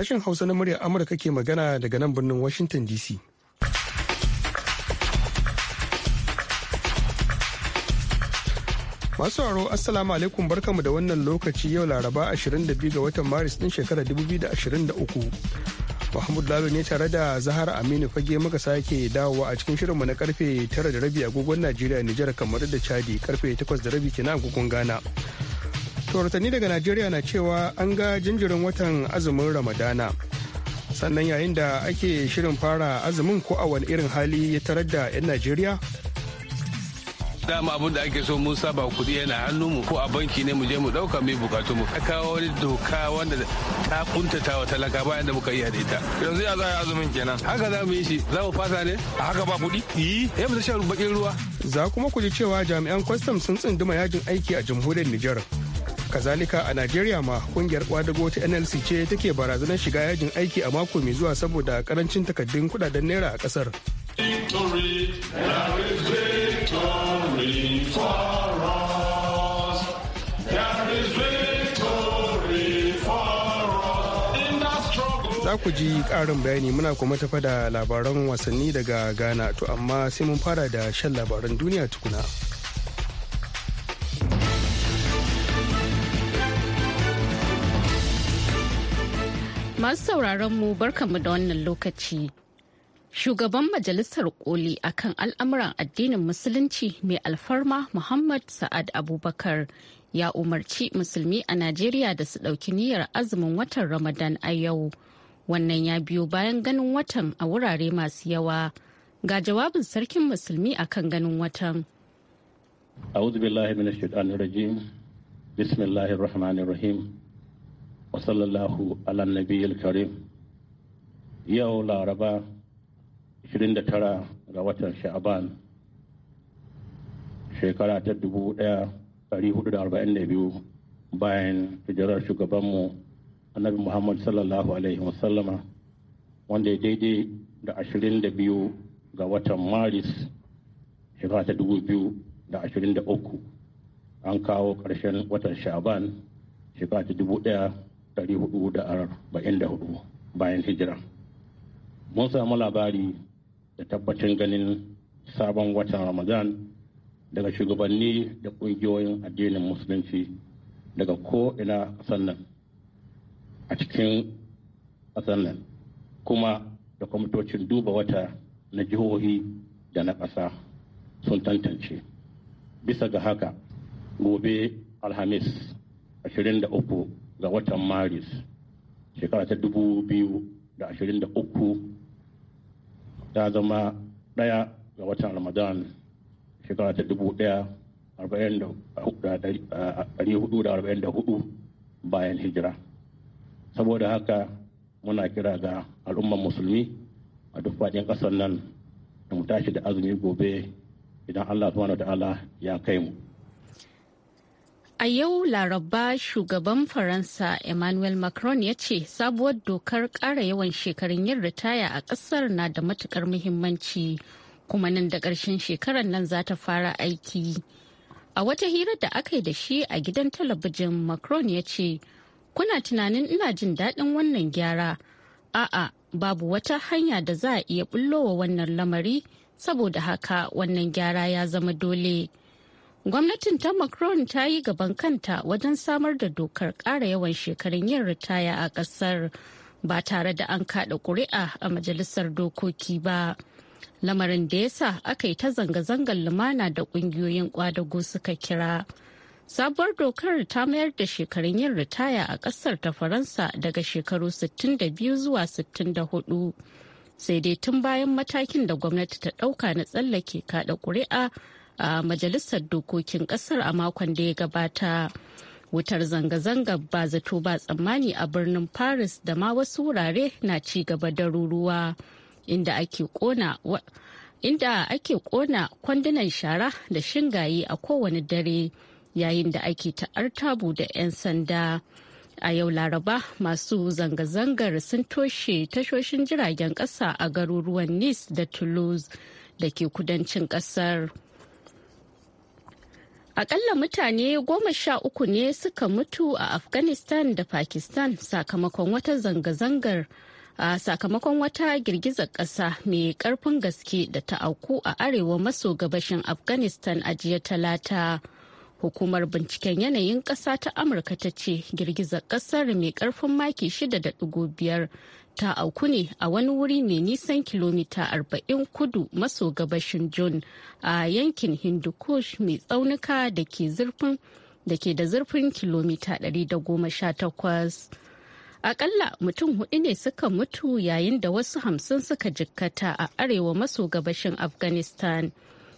Sashen Hausa na muryar Amurka ke magana daga nan birnin Washington DC. Masu sauraro Assalamu alaikum barkamu da wannan lokaci yau Laraba 22 ga watan Maris din shekarar 2023. Mahmud Lalo ne tare da Zahar Aminu fage muka sake dawowa a cikin shirinmu na karfe 9 da rabi agogon Najeriya Nijar kamar da Chadi karfe 8 da rabi kenan agogon Ghana. rahotanni daga najeriya na cewa an ga jinjirin watan azumin ramadana sannan yayin da ake shirin fara azumin ko a wani irin hali ya tarar da 'yan najeriya dama abin da ake so mun saba kuɗi yana hannu mu ko a banki ne mu je mu dauka mai bukatu mu kawo wani doka wanda ta kuntata wa talaka bayan da muka yi da ita yanzu ya za a azumin kenan haka za mu yi shi za mu fasa ne a haka ba kuɗi yi ya mu shan bakin ruwa za kuma ku ji cewa jami'an kwastam sun tsunduma yajin aiki a jamhuriyar Nijar. kazalika a najeriya ma kungiyar kwadago ta nlc ce take barazanar shiga yajin aiki a mako mai zuwa saboda karancin takaddun kudaden naira a kasar za ku ji ƙarin bayani muna kuma tafa da labaran wasanni daga ghana to amma sai mun fara da shan labaran duniya tukuna. Masu sauraron mu barkanmu da wannan lokaci. Shugaban Majalisar Koli akan al'amuran addinin Musulunci mai alfarma Muhammad Sa'ad Abubakar ya umarci musulmi a Najeriya da su ɗauki niyyar azumin watan Ramadan a yau. Wannan ya biyo bayan ganin watan a wurare masu yawa. Ga jawabin sarkin musulmi akan ganin watan. أعوذ بالله من الشيطان wasallallahu ala nabiyil karim yau laraba 29 ga watan sha'aban shekara ta 1442 bayan hijirar shugabanmu annabi muhammad sallallahu alaihi wasallama wanda ya daidai da 22 ga watan maris shekara ta 2023 an kawo ƙarshen watan sha'aban shekara ta 444 bayan hijira mun samu labari da tabbatin ganin sabon watan ramadan daga shugabanni da ƙungiyoyin addinin musulunci daga ko'ina ƙasar nan a cikin ƙasar kuma da kwamitocin duba wata na jihohi da na ƙasa sun tantance bisa ga haka gobe alhamis 23 ga watan maris shekara ta 2023 ta zama ɗaya ga watan ramadan shekara ta 1444 bayan hijira saboda haka muna kira ga al'ummar musulmi a duk faɗin ƙasar nan da mu tashi da azumi gobe idan allah subhanahu wa ta'ala ya kai mu A yau Laraba shugaban Faransa Emmanuel Macron ya ce sabuwar dokar ƙara yawan shekarun yin ritaya a ƙasar na da matukar muhimmanci kuma nan da ƙarshen shekarar nan za ta fara aiki. A wata hira da aka yi da shi a gidan talabijin Macron ya ce, Kuna tunanin ina jin daɗin wannan gyara? A'a, babu wata hanya da za a iya bullowa wannan lamari, saboda haka wannan gyara ya zama dole. Gwamnatin ta Macron ta yi gaban kanta wajen samar da dokar ƙara yawan shekarun yin ritaya a ƙasar ba tare da an kaɗa ƙuri'a a majalisar dokoki ba. Lamarin da ya sa aka yi ta zanga-zangar lumana da ƙungiyoyin ƙwadago suka kira. Sabuwar dokar ta mayar da shekarun yin ritaya a ƙasar ta Faransa daga shekaru 62 zuwa 64. Sai dai tun bayan matakin da gwamnati ta ɗauka na tsallake kaɗa ƙuri'a a majalisar dokokin kasar a makon da ya gabata wutar zanga-zangar ba zato ba tsammani a birnin paris da ma wasu wurare na ci gaba da ruruwa inda ake kona inda ake kona kwandunan shara da shingaye a kowane dare yayin da ake ta'artabu da 'yan sanda a yau laraba masu zanga-zangar sun toshe tashoshin jiragen kasa a garuruwan nice da toulouse da ke kudancin kasar. Akalla mutane goma sha uku ne suka mutu a Afghanistan da Pakistan sakamakon wata zanga-zangar a sakamakon wata girgizar ƙasa mai ƙarfin gaske da ta auku a arewa maso gabashin Afghanistan a jiya talata. Hukumar binciken yanayin ƙasa ta Amurka ta ce girgizar ƙasar mai ƙarfin maki 6.5 ta auku ne a wani wuri mai nisan kilomita arba'in kudu maso gabashin John a yankin Hindu Kush mai tsaunuka da ke zurfin da ke da zurfin kilomita 118. Akalla mutum hudu ne suka mutu yayin da wasu hamsin suka jikkata a arewa maso gabashin Afghanistan.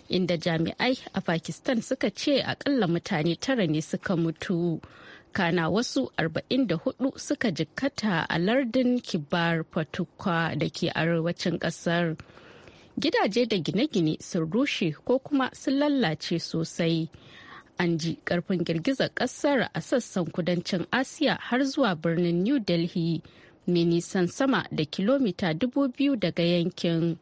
inda jami'ai a Pakistan suka ce akalla mutane tara ne suka mutu. kana wasu 44 suka jikkata a lardin kibar fatukwa da ke arewacin kasar gidaje da gine-gine sun rushe ko kuma sun lalace sosai an ji karfin girgizar kasar a sassan kudancin asiya har zuwa birnin new delhi mai nisan sama da kilomita 2000 daga yankin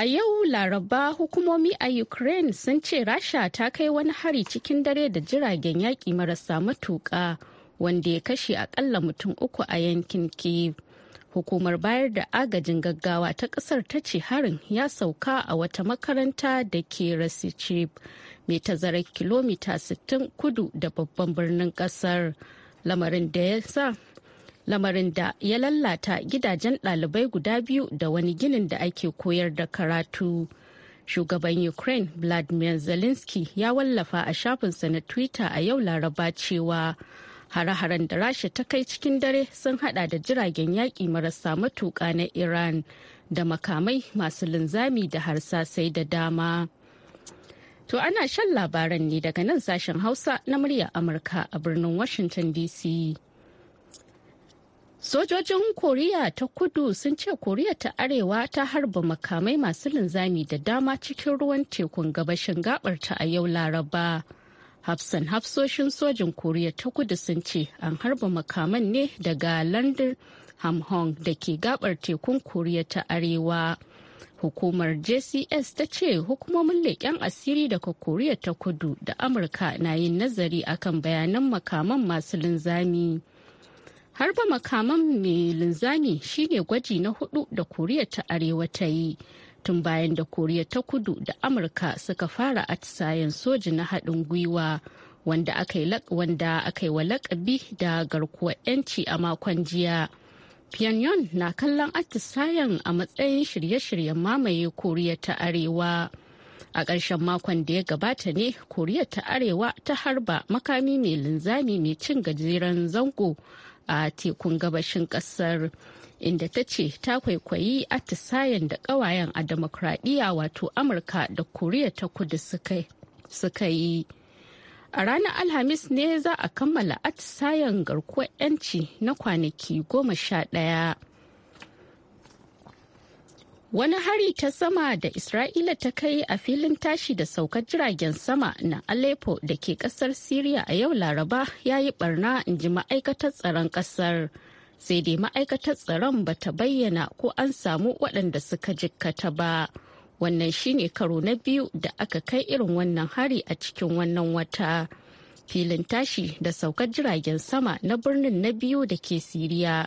A yau Laraba hukumomi a Ukraine sun ce Rasha ta kai wani hari cikin dare da jiragen yaƙi marasa matuƙa wanda ya kashe akalla mutum uku a yankin Kyiv. Hukumar bayar da agajin gaggawa ta ƙasar ta ce harin ya sauka a wata makaranta da ke Rasichib mai tazarar kilomita 60 kudu da babban birnin ƙasar. Lamarin da ya sa lamarin da ya lalata gidajen ɗalibai guda biyu da wani ginin da ake koyar da karatu. Shugaban Ukraine Vladimir Zelensky ya wallafa a shafinsa na Twitter a yau Laraba cewa hare-haren da Rasha ta kai cikin dare sun hada da jiragen yaƙi marasa matuƙa na Iran da makamai masu linzami da harsasai da dama. To ana shan labaran ne daga nan sashen Hausa na murya Amurka a birnin Washington DC. Sojojin Koriya ta kudu sun ce Koriya ta Arewa ta harba makamai masu linzami da dama cikin ruwan tekun gabashin ta a yau Laraba. Hafsan hafsoshin sojin Koriya ta kudu sun ce an harba makaman ne daga London Hamhong da ke gabar tekun Koriya ta Arewa. Hukumar JCS ta ce hukumomin leƙen asiri daga Koriya ta kudu da Amurka na yin nazari akan bayanan makaman masu linzami. Harba makaman mai linzami shine gwaji na hudu da Koriya ta Arewa ta yi. Tun bayan da Koriya ta kudu da Amurka suka fara atisayen soji na haɗin gwiwa wanda aka yi wa lakabi da garkuwa 'yanci a makon jiya. Pyongyang na kallon atisayen a matsayin shirye-shiryen mamaye Koriya ta Arewa. a ƙarshen makon da ya gabata ne koriya ta arewa ta harba makami mai linzami mai cin gajeren zango a tekun gabashin kasar inda ta ce ta kwaikwayi atisayen da kawayen a demokradiyya wato amurka da koriya ta kudu suka yi a ranar alhamis ne za a kammala atisayen garkuwar 'yanci na kwanaki goma sha ɗaya Wani hari ta sama da Isra'ila ta kai a filin tashi da saukar jiragen sama na Aleppo da ke kasar Siriya a yau Laraba ya yi barna in ji ma'aikatar tsaron kasar. Sai dai ma'aikatar tsaron ba ta bayyana ko an samu waɗanda suka jikkata ba. Wannan shine karo na biyu da aka kai irin wannan hari a cikin wannan wata. Filin tashi da saukar jiragen sama na birnin na biyu da ke Siriya.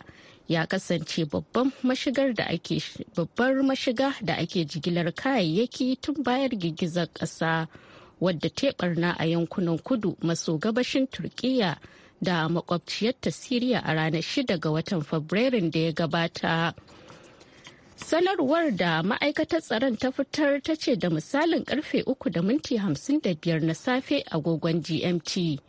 ya kasance babban mashigar da ake babbar mashiga da ake jigilar kayayyaki tun bayar girgizar ƙasa wadda teɓarna a yankunan kudu maso gabashin turkiya da makwabciyarta siriya a ranar shida ga watan fabrairun da ya gabata sanarwar da ma'aikatar tsaron ta fitar ta ce da misalin karfe 3 da minti 55 na safe agogon gmt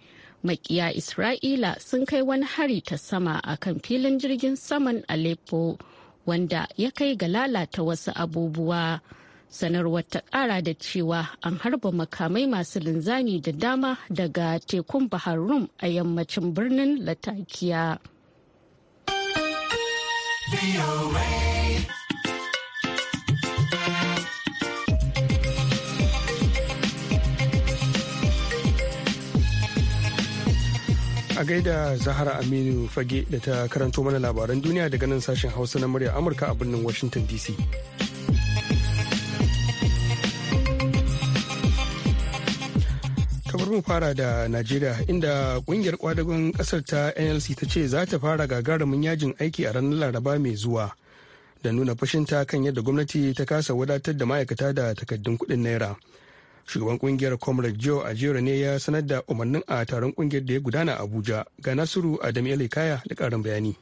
makiya isra'ila sun kai wani hari ta sama a kan filin jirgin saman aleppo wanda ya kai ga lalata wasu abubuwa sanarwar ta kara da cewa an harba makamai masu linzami da dama daga tekun bahar rum a yammacin birnin latakiya. a gaida zahara aminu fage da ta karanto mana labaran duniya daga nan sashen hausa na murya amurka a birnin washington dc mu fara da najeriya inda kungiyar kwadagon kasar ta nlc ta ce za ta fara gagarumin yajin aiki a ranar laraba mai zuwa da nuna fashinta kan yadda gwamnati ta kasa wadatar da ma'aikata da takaddun kuɗin naira shugaban kungiyar comrade joe ajero ne ya sanar da umarnin a taron kungiyar da ya gudana abuja ga nasiru adam kaya da karin bayani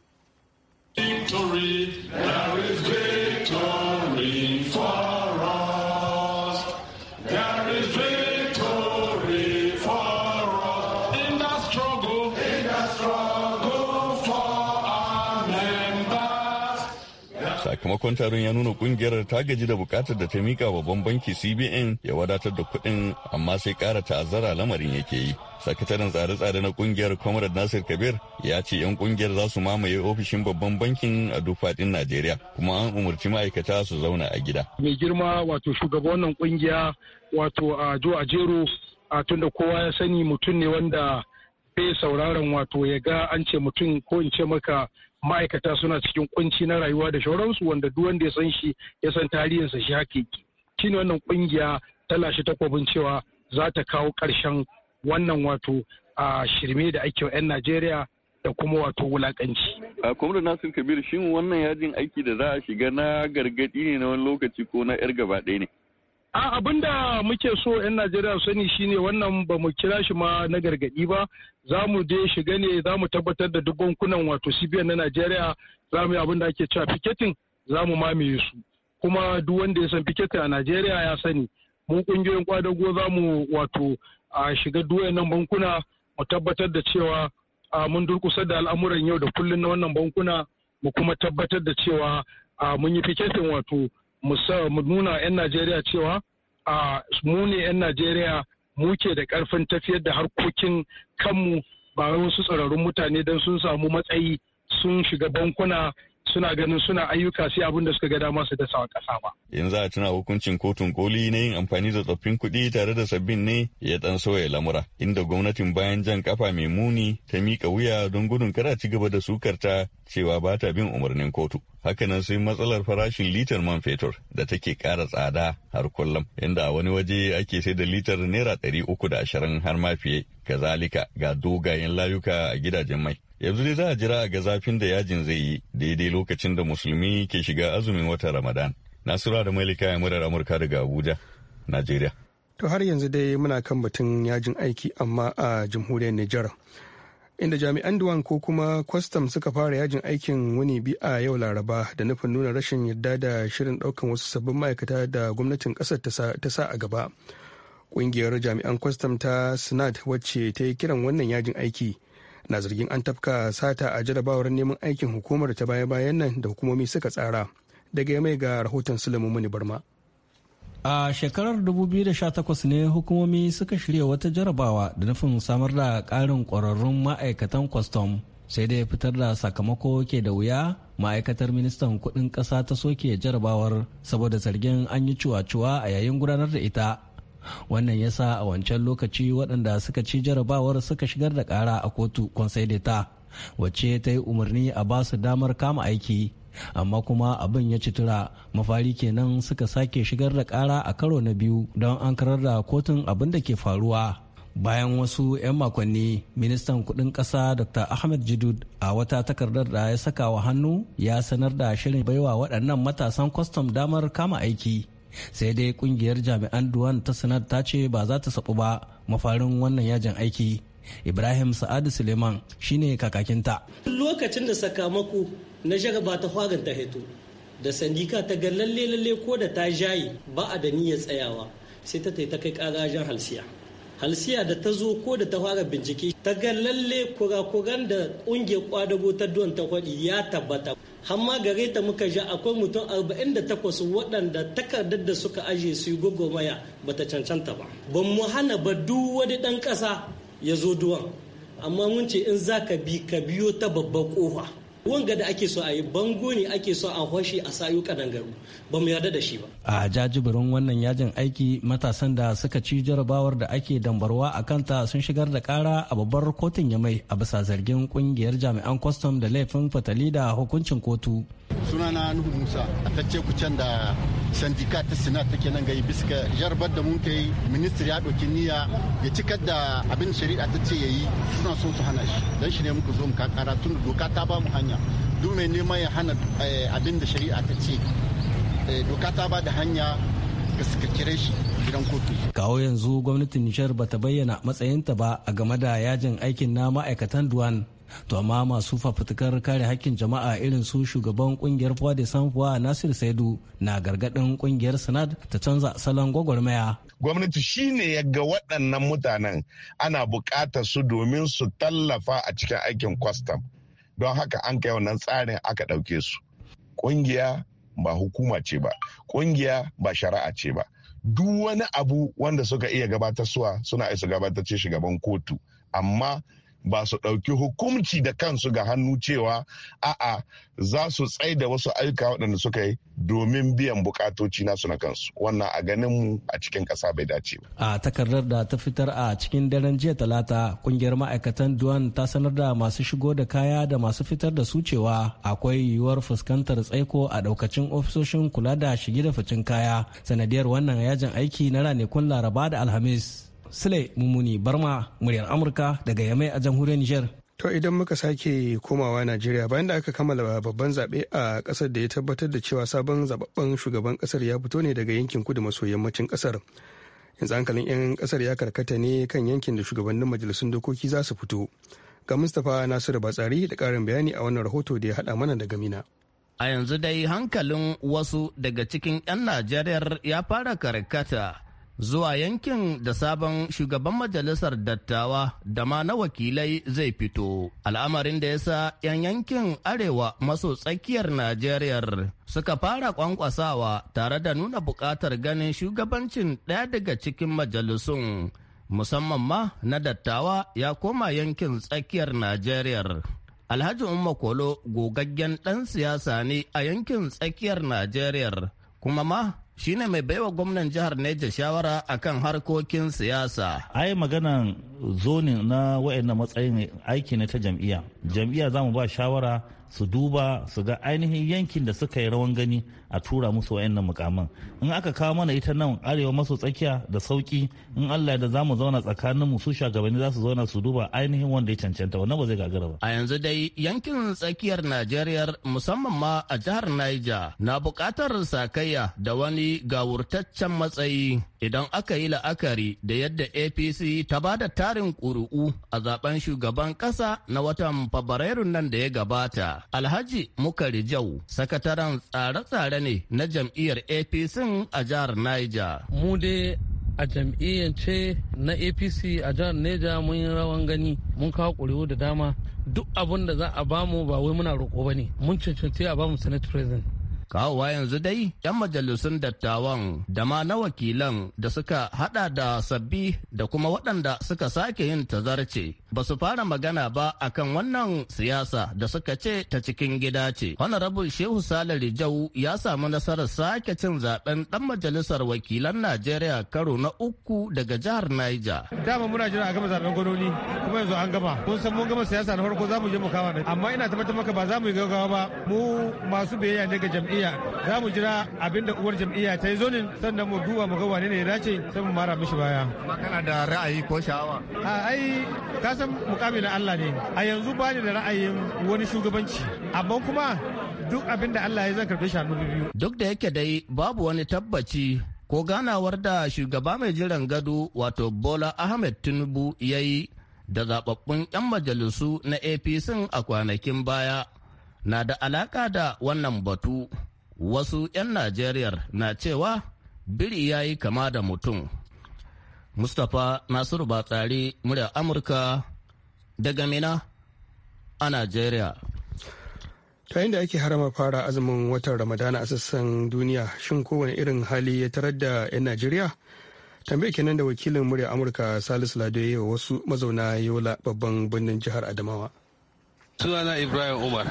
makon taron ya nuna kungiyar ta gaji da bukatar da ta mika babban banki cbn ya wadatar da kuɗin amma sai ƙara ta'azzara lamarin yake yi sakataren tsare-tsare na kungiyar comrade nasir kabir ya ce 'yan kungiyar za su mamaye ofishin babban bankin a duk faɗin najeriya kuma an umarci ma'aikata su zauna a gida mai girma wato shugaban wannan kungiya wato a jo jero a tunda kowa ya sani mutum ne wanda bai sauraron wato ya ga an ce mutum ko in ce maka ma'aikata suna cikin kunci na rayuwa da shauransu wanda duk wanda ya san shi ya san tarihinsa shi hakiki shine wannan kungiya ta lashe takwabin cewa za ta kawo karshen wannan wato a shirme da ake wa 'yan Najeriya da kuma wato wulakanci. A kwamar Nasir Kabir shin wannan yajin aiki da za a shiga na gargadi ne na wani lokaci ko na 'yar gaba ɗaya ne? A abin da muke so 'yan Najeriya sani shine wannan ba mu kira shi ma na gargaɗi ba, za mu je shiga ne za mu tabbatar da duk bankunan wato CBN na Najeriya za mu yi abin da ake cewa piketin za mu mamaye su. Kuma duk wanda ya san piketin a Najeriya ya sani. Mu kungiyoyin kwadago za mu wato a shiga duk nan bankuna mu tabbatar da cewa mun durkusa da al'amuran yau da kullum na wannan bankuna mu kuma tabbatar da cewa mun yi piketin wato mu nuna 'yan Najeriya cewa a mu ne 'yan Najeriya muke da karfin tafiyar da harkokin kanmu ba wasu tsararrun mutane don sun samu matsayi sun shiga bankuna suna ganin suna ayyuka sai abin da suka ga dama su dasa kasa ƙasa ba. Yanzu a tuna hukuncin kotun koli na yin amfani da tsoffin kuɗi tare da sabbin ne ya ɗan sauya lamura inda gwamnatin bayan jan kafa mai muni ta miƙa wuya don gudun kara ci gaba da sukarta cewa ba ta bin umarnin kotu. Hakanan sai matsalar farashin litar man fetur da take kara tsada har kullum inda a wani waje ake sai da litar naira ɗari uku da ashirin har ma fiye kazalika ga dogayen layuka a gidajen mai. yanzu dai za a jira a ga zafin da yajin zai yi daidai lokacin da musulmi ke shiga azumin watan ramadan nasura da malika ya murar amurka daga abuja najeriya to har yanzu dai muna kan batun yajin aiki amma a jamhuriyar nijar inda jami'an duwan ko kuma kwastam suka fara yajin aikin wani bi a yau laraba da nufin nuna rashin yarda da shirin daukan wasu sabbin ma'aikata da gwamnatin kasar ta sa a gaba ƙungiyar jami'an kwastam ta sinad wacce ta yi kiran wannan yajin aiki na zargin an tafka sata a jarabawar neman aikin hukumar ta baya-bayan nan da hukumomi suka tsara daga mai ga rahoton sulaimu mani barma a shekarar 2018 ne hukumomi suka shirya wata jarabawa da nufin samar da ƙarin ƙwararrun ma'aikatan kwastom sai dai fitar da sakamako ke da wuya ma'aikatar ministan kudin ƙasa ta soke jarabawar saboda zargin an yi cuwa-cuwa a yayin gudanar da ita wannan ya sa a wancan lokaci waɗanda suka ci jarabawar suka shigar da ƙara a kotu ta wacce ta yi umarni a ba su damar kama aiki amma kuma abin ya ci tura mafari kenan suka sake shigar da ƙara a karo na biyu don an karar da kotun abin da ke faruwa bayan wasu 'yan makonni ministan kudin kasa dr ahmed jidud a wata takardar da ya saka wa hannu ya sanar da shirin baiwa waɗannan matasan kwastam damar kama aiki sai dai kungiyar jami'an duwan ta sanar ta ce ba za ta sabu ba mafarin wannan yajin aiki ibrahim sa'adu suleiman shine kakakinta lokacin da sakamako na jaraba ta hwagan ta hito da sandika ta ga lalle lalle ko da ta jayi ba a da niyyar tsayawa sai ta ta kai karajen halsiya halsiya da ta zo ko da ta fara bincike ta ga lalle kurakuran da kungiyar kwadago ta duwan ta kwadi ya tabbata hamma gare ta muka ji akwai mutum 48 waɗanda takardar da suka aje su yi gwagwarmaya ba ta cancanta ba ban mu hana ba duk wani ɗan ƙasa ya zo duwan amma mun ce in za ka bi ka biyo ta babbar ƙofa wanga da ake so a yi bango ne ake so a hoshi a sayu kadangaru ba mu yarda da shi ba a jajibirin wannan yajin aiki matasan da suka ci jarabawar da ake dambarwa a kanta sun shigar da kara a babbar kotun yamai a bisa zargin kungiyar jami'an kwastam da laifin fatali da hukuncin kotu sunana nuhu musa a tacce kucen da sandika ta sinat take nan gai biska jarabar da mun kai ministry ya ɗauki niyya ya cikar da abin shari'a ta ce ya yi suna son su hana shi don shi ne muka zo muka kara tun doka ta ba mu hanya duk mai neman ya hana eh, abin da shari'a ta ce eh, doka ta ba da hanya ga suka kire shi gidan kotu. Kawo yanzu gwamnatin Nishar bata bayyana matsayinta ba a game da yajin aikin na ma'aikatan Duwan to amma masu fafutukar kare hakkin jama'a irin su shugaban kungiyar Foi de Sanfuwa Nasir Saidu na gargadin kungiyar Sanad ta canza salon gwagwarmaya. Gwamnati shine ya ga waɗannan mutanen ana buƙatar su domin su tallafa a cikin aikin kwastam. Don haka an kai wannan tsarin aka ɗauke su. Ƙungiya ba hukuma ce ba, ƙungiya ba shari'a ce ba. Duk wani abu wanda suka iya gabatarsuwa suna isa gabatar shi gaban kotu. Amma ba su ɗauki hukumci da kansu ga hannu cewa a'a za su tsai da wasu aika waɗanda suka yi domin biyan bukatoci nasu na kansu wannan a ganin mu a cikin ƙasa bai dace ba. a takardar da ta fitar a cikin daren jiya talata ƙungiyar ma'aikatan duwan ta sanar da masu shigo da kaya da masu fitar da su cewa akwai yiwuwar fuskantar tsaiko a ɗaukacin ofisoshin kula da shige da ficin kaya sanadiyar wannan yajin aiki na ranakun laraba da alhamis. Sule Mumuni Barma muryar Amurka daga Yamai a jamhuriyar Nijar. To idan muka sake komawa Najeriya bayan da aka kammala babban zaɓe a ƙasar da ya tabbatar da cewa sabon zababben shugaban ƙasar ya fito ne daga yankin kudu maso yammacin ƙasar. Yanzu hankalin 'yan kasar ya karkata ne kan yankin da shugabannin majalisun dokoki za su fito. Ga Mustapha Nasiru Batsari da karin bayani a wannan rahoto da ya haɗa mana daga Mina. A yanzu dai hankalin wasu daga cikin 'yan Najeriyar ya fara karkata zuwa yankin da sabon shugaban majalisar dattawa da ma na wakilai zai fito al'amarin da ya sa 'yan yankin arewa maso tsakiyar najeriya suka fara kwankwasawa tare da nuna buƙatar ganin shugabancin ɗaya daga cikin majalisun musamman ma na dattawa ya koma yankin tsakiyar najeriya alhaji umma kolo gogaggen ɗan siyasa ne a yankin tsakiyar najeriya kuma ma shine mai baiwa gwamnan jihar Neja shawara akan harkokin siyasa. Ai magana zonin na wa'annan matsayin aiki ne ta jam'iyya. Jam'iyya za mu ba shawara su duba su ga ainihin yankin da suka yi rawan gani a tura musu wayannan mukaman in aka kawo mana ita nan arewa maso tsakiya da sauki in Allah da zamu zauna tsakanin mu su shugabanni za su zauna su duba ainihin wanda ya cancanta wannan ba zai gagara ba a yanzu dai yankin tsakiyar Najeriya musamman ma a jihar Niger na buƙatar sakayya da wani gawurtaccen matsayi idan aka yi la'akari da yadda apc ta ba da tarin ƙuri'u a zaben shugaban ƙasa na watan Fabrairu nan da ya gabata alhaji mukari jau sakataren tsare-tsare ne na jam'iyyar apc a jihar niger mu dai a ce na apc a jihar Niger mun yi rawan gani mun kawo ƙuri'u da dama duk abin da za a bamu ba wai muna roƙo ba ne mun cancanci a bamu senate president Kawowa yanzu dai, 'yan majalisun dattawan da ma na wakilan da suka hada da sabbi da kuma waɗanda suka sake yin tazarce ba su fara magana ba akan wannan siyasa da suka ce ta cikin gida ce. Honorable Shehu Sale Rijau ya samu nasarar sake cin zaben dan majalisar wakilan Najeriya karo na uku daga jihar Niger. Dama muna jira a gama zaben gononi kuma yanzu an gama. Kun san mun gama siyasa na farko za mu je mu kama amma ina tabbatar maka ba za mu yi gaggawa ba mu masu biyayya ne ga jam'i jam'iyya za mu jira abin da uwar jam'iyya ta yi zonin sannan mu duba mu ga wane ne ya dace sai mu mara mishi baya. Amma kana da ra'ayi ko sha'awa? A ai ka san mukami na Allah ne. A yanzu ba ni da ra'ayin wani shugabanci amma kuma duk abin da Allah ya zan karɓi shanu biyu. Duk da yake dai babu wani tabbaci ko ganawar da shugaba mai jiran gado wato Bola Ahmed Tinubu ya yi da zababbun 'yan majalisu na APC a kwanakin baya na da alaka da wannan batu. wasu 'yan najeriya na cewa biri ya yi kama da mutum mustapha nasiru batsari murya amurka daga mina a najeriya ta da ake harama fara azumin watan ramadana a sassan duniya shin kowane irin hali ya tarar da 'yan najeriya ke kenan da wakilin murya amurka salisu lado ya wasu mazauna yola babban birnin jihar adamawa sunana ibrahim umar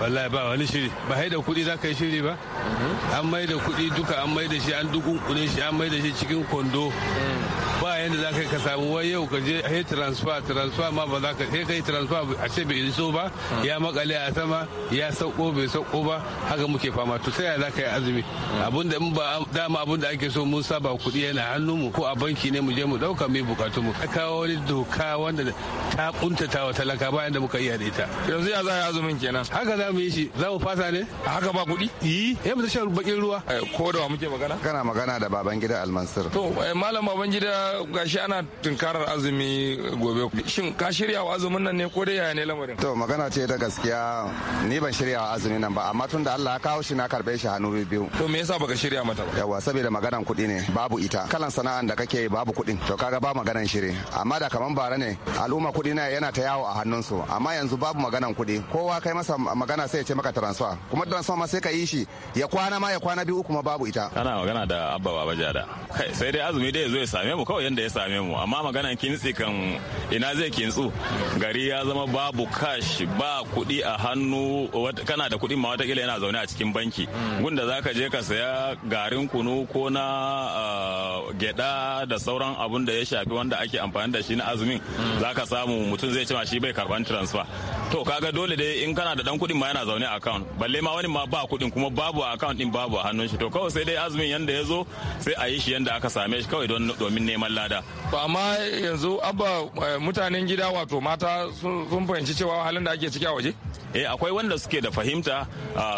wallahi ba wani shiri ba haida kuɗi za ka yi shiri ba mhm. an mai da kuɗi duka an mai da shi an dukun shi an mai da shi cikin kwando mm. ba yadda za ka samu wai yau ka je he transfer transfer ma ba za ka he kai transfer a ce bai iso ba ya makale a sama ya sauko bai sauko ba haka muke fama to sai za ka yi azumi abinda in ba dama abinda ake so mun saba kuɗi yana hannun mu ko a banki ne mu je mu dauka mu bukatu mu kawo wani doka wanda ta kuntata wa talaka bayan da muka iya da ita yanzu ya za a yi azumin kenan haka za mu yi shi za mu fasa ne a haka ba kuɗi yi ya mu shan bakin ruwa eh, ko da wa muke magana kana magana da baban gida almansir to eh, malam baban gida ga gashi ana tunkarar azumi gobe shin ka shirya wa azumin nan ne ko dai yaya ne lamarin to magana ce ta gaskiya ni ban shirya wa azumin nan ba amma tun da Allah ya kawo shi na karbe shi hannu biyu to me yasa baka shirya mata ba yawa saboda maganan kuɗi ne babu ita kalan sana'an da kake babu kuɗin to kaga ba maganan shiri amma da kaman bara ne al'umma kuɗi na yana ta yawo a hannunsu amma yanzu babu maganan kuɗi kowa kai masa magana sai ya ce maka transfer kuma transfer ma sai ka yi shi ya kwana ma ya kwana biyu kuma babu ita ana magana da abba baba jada kai sai dai azumi dai zo ya same mu kawai yadda ya same mu amma maganan kintsi kan ina zai kintsu gari ya zama babu cash ba kuɗi a hannu kana da kuɗi ma watakila yana zaune a cikin banki gunda zaka je ka saya garin kunu ko na ah, gyada da sauran abun da ya shafi wanda ake amfani da shi na azumin zaka samu mutum zai ce shi bai karban transfer to kaga dole dai in kana da dan kuɗin ma yana zaune a account balle ma wani ma ba kuɗin kuma babu a account din babu a hannun shi to kawai sai dai azumin yanda ya zo sai a yi shi yanda aka same shi kawai don domin neman neman lada Ba amma yanzu abba eh, mutanen gida wato mata sun fahimci cewa halin da ake ciki a waje eh akwai wanda suke da fahimta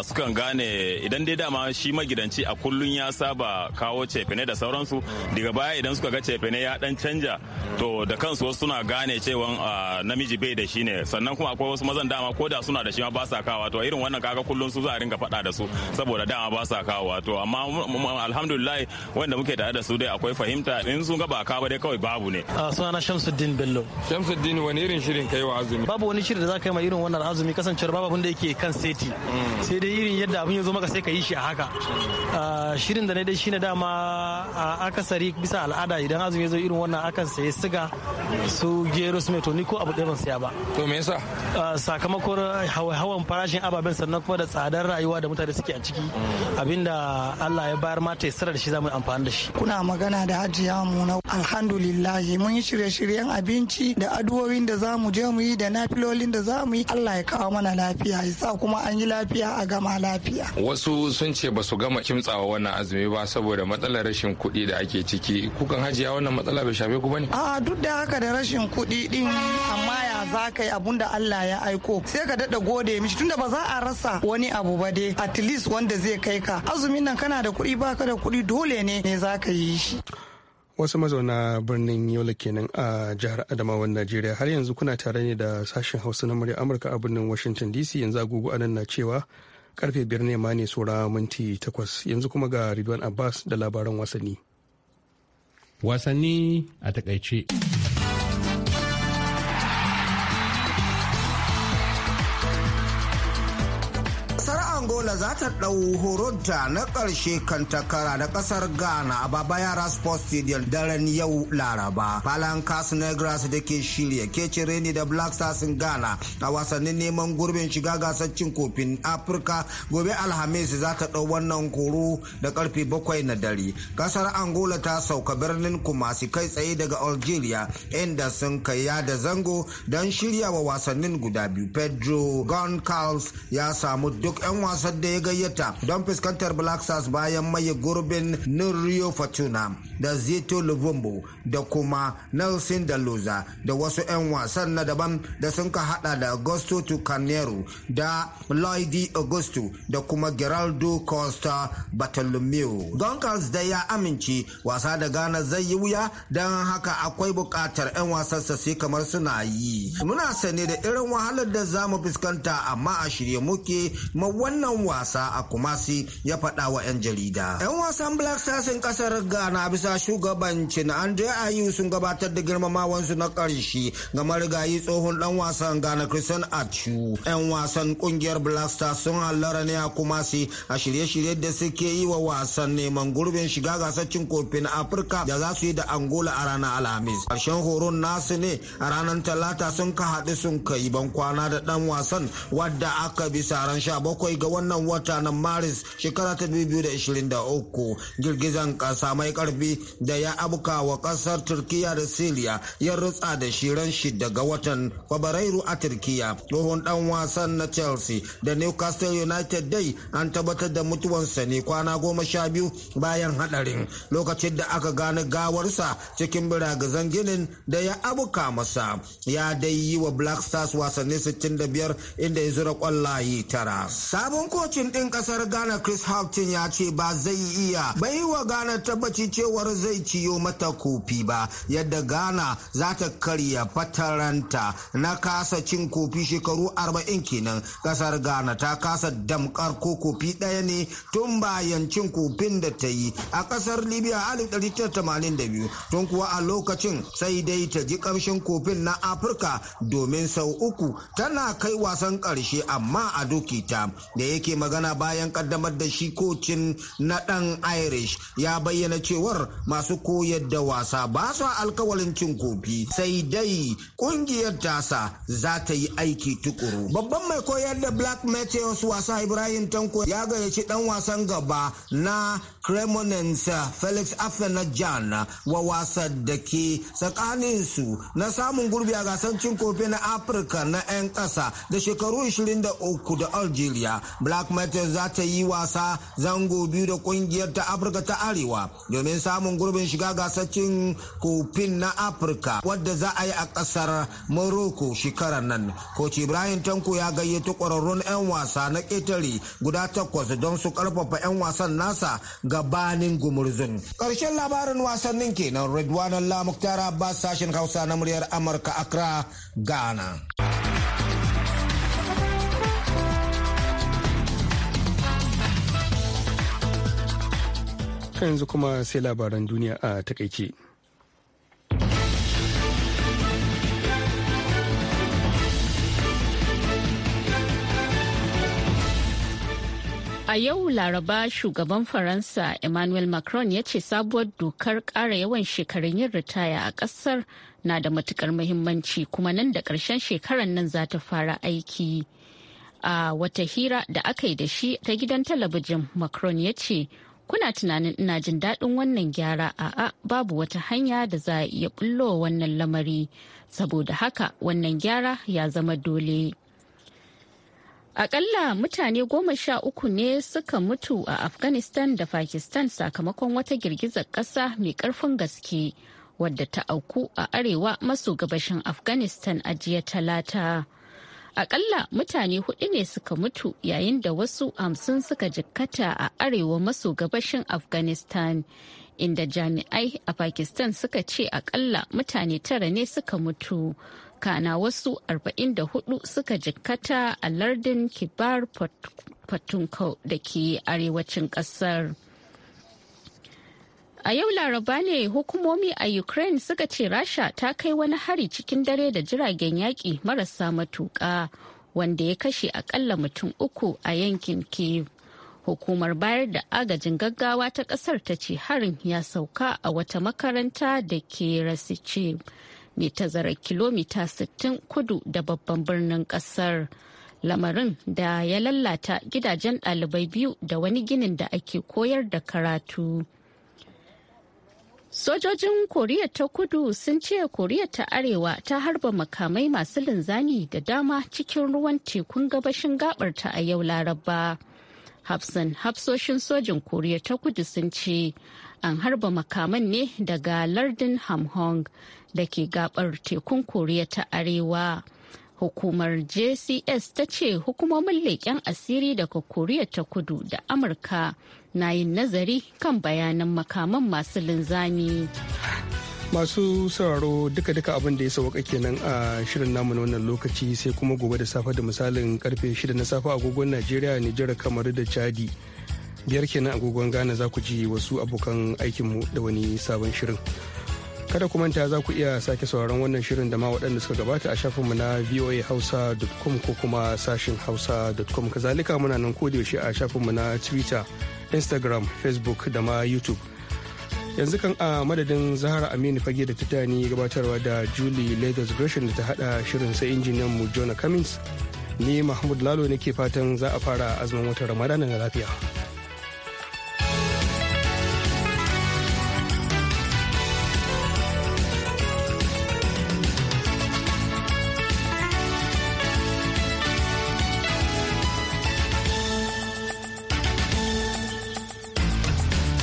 sukan gane idan dai dama shi magidanci a kullun ya saba kawo cefene da sauransu daga baya idan suka ga cefene ya dan canja to da kansu wasu suna gane cewa namiji bai da shi ne sannan kuma akwai wasu mazan dama ko da suna da shi ma ba sa kawo to irin wannan kaga kullun su za a ringa faɗa da su saboda dama ba sa kawo to amma alhamdulillah wanda muke tare da su dai akwai fahimta in sun ga ba a ba dai kawai babu ne a sunana shamsuddin bello shamsuddin wani irin shirin kai wa azumi babu wani shirin da za ka yi ma irin wannan azumi kasancewar babu abin da yake kan seti mm. sai dai irin yadda abin ya zo maka sai ka yi shi a haka shirin da na dai shine dama a akasari bisa al'ada idan azumi ya zo irin wannan akan sayi siga su gero su to ni ko abu ɗaya ban saya ba to me yasa sakamakon hawan farashin ababen sannan kuma da tsadar rayuwa da mutane suke a ciki mm. abinda Allah ya bayar mata ya sarar da shi zamu amfani da shi kuna magana da Hajiya na alhamdulillahi mun yi shirye-shiryen abinci da addu'o'in da za mu je mu yi da nafilolin da za mu yi allah ya kawo mana lafiya ya sa kuma an yi lafiya a gama lafiya wasu sun ce ba su gama kimtsawa wannan azumi ba saboda matsalar rashin kuɗi da ake ciki kukan hajiya wannan matsala bai shafe ku bane a duk da haka da rashin kuɗi din amma ya za ka yi abun da allah ya aiko sai ka daɗa gode mishi tunda ba za a rasa wani abu ba dai at least wanda zai kai ka azumin nan kana da kuɗi baka da kuɗi dole ne ne za ka yi shi wasu mazauna birnin yola kenan a jihar adamawan najeriya har yanzu kuna tare ne da sashen hausa na murya amurka a birnin washington dc yanzu agogo anan na cewa karfe biyar ne ma ne saura minti takwas yanzu kuma ga ridwan abbas da labaran wasanni wasanni a takaice da za ta ɗau horonta na ƙarshe kan takara da ƙasar Ghana a Baba Yara Sports Stadium daren yau Laraba. Cas Negras da ke shirya ke cire da Black Stars in Ghana a wasannin neman gurbin shiga gasar cin kofin Afirka gobe Alhamis za ta ɗau wannan horo da karfe bakwai na dare. Kasar Angola ta sauka birnin Kumasi kai tsaye daga Algeria inda sun kai da zango don shirya wa wasannin guda biyu. Pedro Goncalves ya samu duk 'yan wasan da ya gayyata don fuskantar Black Stars bayan maye gurbin Nurio Fortuna da Zito Luvumbo da kuma Nelson da loza da wasu 'yan wasan na daban da sun ka hada da Augusto Tucanero da Lloydi Augusto da kuma Geraldo Costa Bartolomeo. Gonkals da ya amince wasa da Ghana zai yi wuya don haka akwai bukatar 'yan wasan sai kamar suna yi. Muna sane da irin wahalar da za mu fuskanta amma a shirye muke ma wannan wasa a Kumasi ya faɗa wa 'yan jarida. 'Yan wasan Black Stars in kasar Ghana bisa shugabancin Andre ayu sun gabatar da girmamawansu na ƙarshe ga marigayi tsohon ɗan wasan Ghana Christian Achu. 'Yan wasan ƙungiyar Black Stars sun hallara ne a Kumasi a shirye-shirye da suke yi wa wasan neman gurbin shiga gasar cin kofin Afirka da za su yi da Angola a ranar Alhamis. karshen horon nasu ne a ranar Talata sun ka haɗu sun kai ban kwana da ɗan wasan wadda aka bi saran 17 ga wannan wata na maris shekara ta 2023 girgizan kasa mai karfi da ya abuka wa kasar turkiya da siriya ya rutsa da shiran shi daga watan fabrairu a turkiya tsohon dan wasan na chelsea da newcastle united dai an tabbatar da mutuwansa ne kwana goma sha biyu bayan hadarin lokacin da aka gane gawarsa cikin biragazan ginin da ya abuka masa ya dai yi wa black stars wasanni 65 inda ya zura kwallaye tara sabon ko Kocin ɗin ƙasar Ghana Chris Houghton ya ce ba zai iya bai wa Ghana tabbaci cewar zai ciyo mata kofi ba yadda Ghana za ta karya fataranta na kasa cin kofi shekaru 40 kenan. Ƙasar Ghana ta kasa damkar ko kofi ɗaya ne tun bayan cin kofin da ta yi a ƙasar Libya 1982 tun kuwa a lokacin sai dai ta ji kamshin kofin na Afirka domin sau uku tana kai wasan ƙarshe amma a dokita da yake magana bayan kaddamar da shi kocin na dan Irish ya bayyana cewar masu koyar da wasa ba su alkawalin cin kofi sai dai kungiyar tasa za ta yi aiki tukuru. Babban mai koyar da Black Meteors wasa Ibrahim Tanko ya gayyaci dan wasan gaba na Cremonense Felix Afenajan wa wasan da ke su na samun gurbi a gasar cin kofi na Afirka na 'yan ƙasa da shekaru 23 da Algeria. Black Blackmates za ta yi wasa zango biyu da kungiyar ta Afirka ta Arewa domin samun gurbin shiga gasar cin kofin na Afirka wadda za a yi a kasar Morocco shekarar nan. Coach Ibrahim Tanko ya gayyato kwararrun 'yan wasa na ƙetare guda takwas don su karfafa 'yan wasan nasa gabanin gumurzun. Ƙarshen labarin wasannin kenan Redwan Allah Muktar Abbas sashen Hausa na muryar Amurka Accra, Ghana. yanzu kuma sai labaran duniya a takaice. A yau Laraba shugaban Faransa Emmanuel Macron ya ce sabuwar dokar kara yawan shekarun yin ritaya a ƙasar na da matukar muhimmanci kuma nan da ƙarshen shekarar nan za ta fara aiki. A wata hira da aka yi da shi ta gidan talabijin Macron ya ce kuna tunanin ina jin daɗin wannan gyara a'a babu wata hanya da za a iya bullo wannan lamari saboda haka wannan gyara ya zama dole akalla mutane goma sha uku ne suka mutu a afghanistan da pakistan sakamakon wata girgizar ƙasa mai ƙarfin gaske wadda ta auku a arewa maso gabashin afghanistan a jiya talata Akalla mutane hudu ne suka mutu yayin da wasu hamsin suka jikkata a arewa maso gabashin Afghanistan. Inda jami'ai a Pakistan suka ce akalla mutane tara ne suka mutu. Kana wasu 44 suka jikkata a lardin Kibar Patunko da ke arewacin kasar. A yau Laraba ne hukumomi a Ukraine suka ce Rasha ta kai wani hari cikin dare da jiragen yaƙi marasa matuƙa wanda ya kashe akalla mutum uku a yankin Kiev. Hukumar bayar da agajin gaggawa ta ƙasar ta ce harin ya sauka a wata makaranta da ke Rasice mai tazarar kilomita 60 kudu da babban birnin ƙasar. Lamarin da ya lalata gidajen ɗalibai biyu da wani ginin da ake koyar da karatu. Sojojin Koriya ta Kudu sun ce Koriya ta Arewa ta harba makamai masu linzami da dama cikin ruwan tekun gabashin gabarta a yau Laraba. Hafsan hafsoshin sojin Koriya ta Kudu sun ce an harba makaman ne daga lardin Hamhong da ke gabar tekun Koriya ta Arewa. Hukumar JCS ta ce hukumomin leƙen asiri daga Koriya ta Kudu da Amurka na yin nazari kan bayanan makaman masu linzami. masu sauraro duka-duka abin da ya sauka kenan a shirin namu na wannan lokaci sai kuma gobe da safe da misalin karfe 6 na safe agogon najeriya nijar kamaru da chadi biyar kenan agogon ghana za ku ji wasu abokan aikinmu da wani sabon shirin kada ku manta za ku iya sake sauraron wannan shirin da ma waɗanda suka gabata a shafinmu na voahausa.com ko kuma sashin hausa.com kazalika muna nan kodayaushe a shafinmu na twitter instagram facebook da ma youtube yanzu kan a madadin zahara aminu fage da tutani gabatarwa da julie lagos gresham da ta hada shirin sai injiniyan mu jona cummins ni mahmud lalo ke fatan za a fara azumin watan ramadana na lafiya